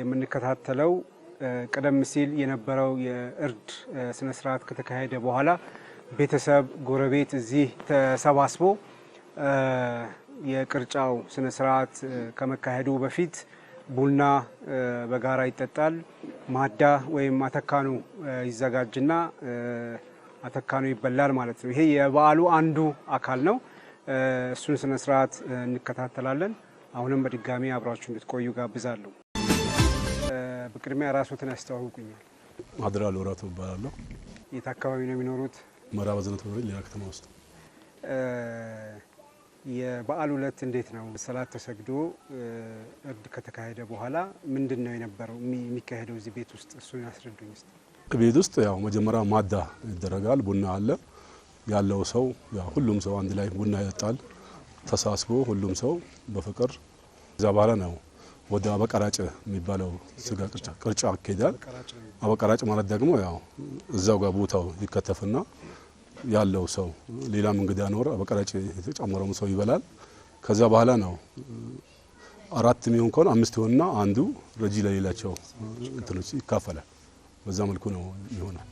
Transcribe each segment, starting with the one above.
የምንከታተለው ቀደም ሲል የነበረው የእርድ ስነስርዓት ከተካሄደ በኋላ ቤተሰብ፣ ጎረቤት እዚህ ተሰባስቦ የቅርጫው ስነስርዓት ከመካሄዱ በፊት ቡና በጋራ ይጠጣል። ማዳ ወይም አተካኑ ይዘጋጅና አተካኑ ይበላል ማለት ነው። ይሄ የበዓሉ አንዱ አካል ነው። እሱን ስነስርዓት እንከታተላለን። አሁንም በድጋሚ አብራችሁ እንድትቆዩ ጋብዛለሁ። በቅድሚያ ራስዎትን ያስተዋውቁኛል? አድራ ሎራቶ እባላለሁ። የት አካባቢ ነው የሚኖሩት? ምዕራብ አዘነት ሌላ ከተማ ውስጥ። የበዓል ዕለት እንዴት ነው? ሰላት ተሰግዶ እርድ ከተካሄደ በኋላ ምንድን ነው የነበረው የሚካሄደው እዚህ ቤት ውስጥ? እሱን ያስረዱኝ ስ ቤት ውስጥ ያው መጀመሪያ ማዳ ይደረጋል። ቡና አለ ያለው ሰው ሁሉም ሰው አንድ ላይ ቡና ይጠጣል። ተሳስቦ ሁሉም ሰው በፍቅር እዛ በኋላ ነው ወደ አበቀራጭ የሚባለው ስጋ ቅርጫ ይሄዳል። አበቀራጭ ማለት ደግሞ ያው እዛው ጋር ቦታው ይከተፍና ያለው ሰው ሌላም እንግዳ ኖር አበቀራጭ የተጨመረውም ሰው ይበላል። ከዛ በኋላ ነው አራት የሚሆን ከሆነ አምስት ይሆንና አንዱ ረጂ ለሌላቸው እንትኖች ይካፈላል። በዛ መልኩ ነው ይሆናል።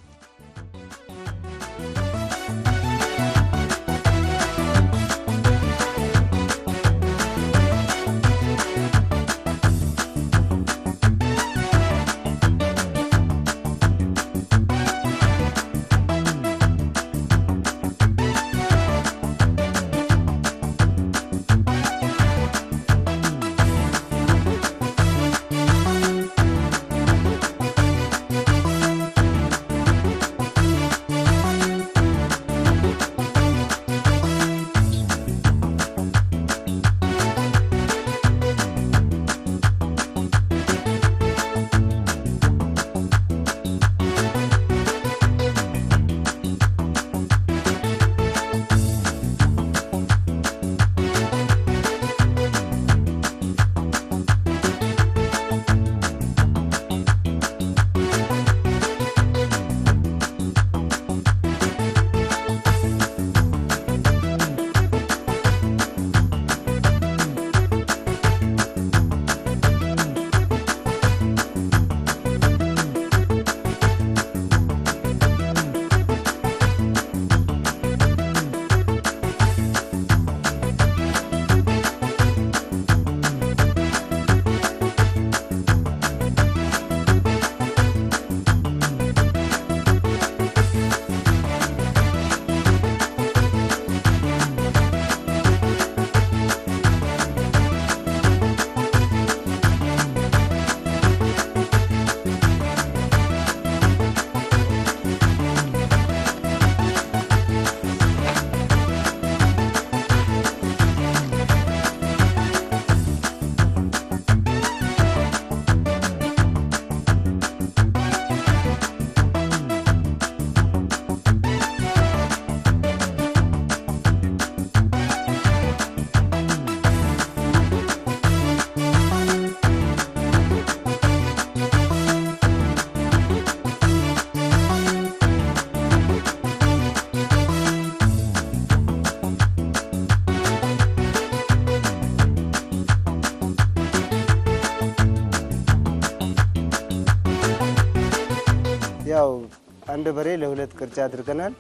አንድ በሬ ለሁለት ቅርጫ አድርገናል።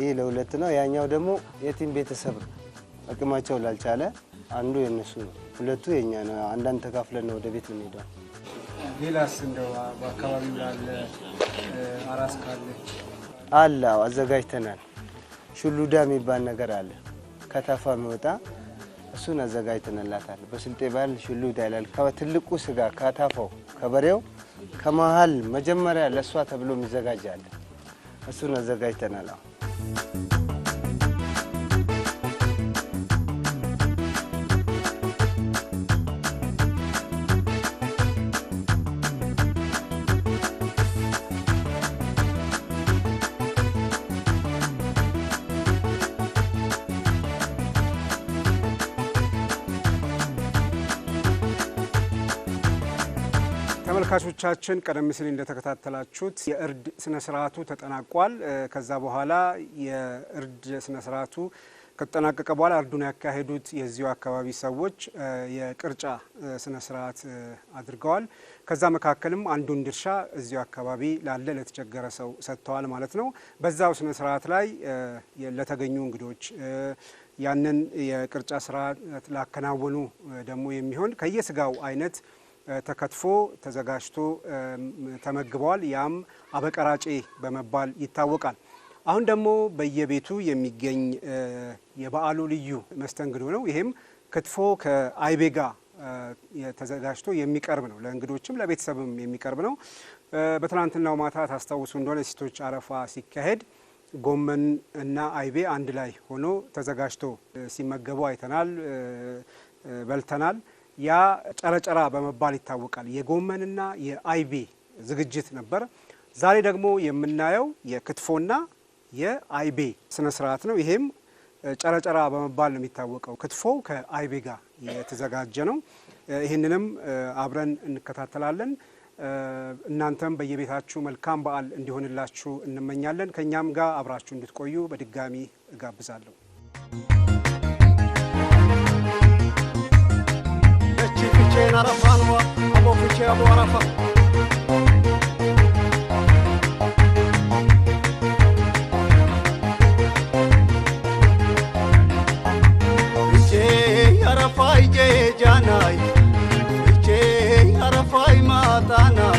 ይህ ለሁለት ነው። ያኛው ደግሞ የቲም ቤተሰብ አቅማቸው ላልቻለ አንዱ የነሱ ነው፣ ሁለቱ የኛ ነው። አንዳንድ ተካፍለን ነው ወደ ቤት የምንሄደው። ሌላስ እንደው በአካባቢው ላለ አራስ ካለ አለ አዘጋጅተናል። ሹሉዳ የሚባል ነገር አለ፣ ከታፋ የሚወጣ እሱን አዘጋጅተንላታል። በስልጤ ባህል ሹሉዳ ይላል። ከትልቁ ስጋ ከታፋው ከበሬው ከመሀል መጀመሪያ ለእሷ ተብሎ የሚዘጋጃል። እሱን አዘጋጅተናል። ተመልካቾቻችን ቀደም ሲል እንደተከታተላችሁት የእርድ ስነ ስርዓቱ ተጠናቋል። ከዛ በኋላ የእርድ ስነ ስርዓቱ ከተጠናቀቀ በኋላ እርዱን ያካሄዱት የዚሁ አካባቢ ሰዎች የቅርጫ ስነ ስርዓት አድርገዋል። ከዛ መካከልም አንዱን ድርሻ እዚሁ አካባቢ ላለ ለተቸገረ ሰው ሰጥተዋል ማለት ነው። በዛው ስነ ስርዓት ላይ ለተገኙ እንግዶች ያንን የቅርጫ ስርዓት ላከናወኑ ደግሞ የሚሆን ከየስጋው አይነት ተከትፎ ተዘጋጅቶ ተመግበዋል። ያም አበቀራጬ በመባል ይታወቃል። አሁን ደግሞ በየቤቱ የሚገኝ የበዓሉ ልዩ መስተንግዶ ነው። ይሄም ክትፎ ከአይቤ ጋር ተዘጋጅቶ የሚቀርብ ነው። ለእንግዶችም ለቤተሰብም የሚቀርብ ነው። በትናንትናው ማታ ታስታውሱ እንደሆነ ሴቶች አረፋ ሲካሄድ ጎመን እና አይቤ አንድ ላይ ሆኖ ተዘጋጅቶ ሲመገቡ አይተናል፣ በልተናል። ያ ጨረጨራ በመባል ይታወቃል። የጎመንና የአይቢ ዝግጅት ነበር። ዛሬ ደግሞ የምናየው የክትፎና የአይቤ ስነ ስርዓት ነው። ይሄም ጨረጨራ በመባል ነው የሚታወቀው። ክትፎው ከአይቤ ጋር የተዘጋጀ ነው። ይህንንም አብረን እንከታተላለን። እናንተም በየቤታችሁ መልካም በዓል እንዲሆንላችሁ እንመኛለን። ከእኛም ጋር አብራችሁ እንድትቆዩ በድጋሚ እጋብዛለሁ። بين عرفة أنور أبو فتشي أبو عرفة فتشي عرفاي جي جاناي فتشي عرفاي ما تاناي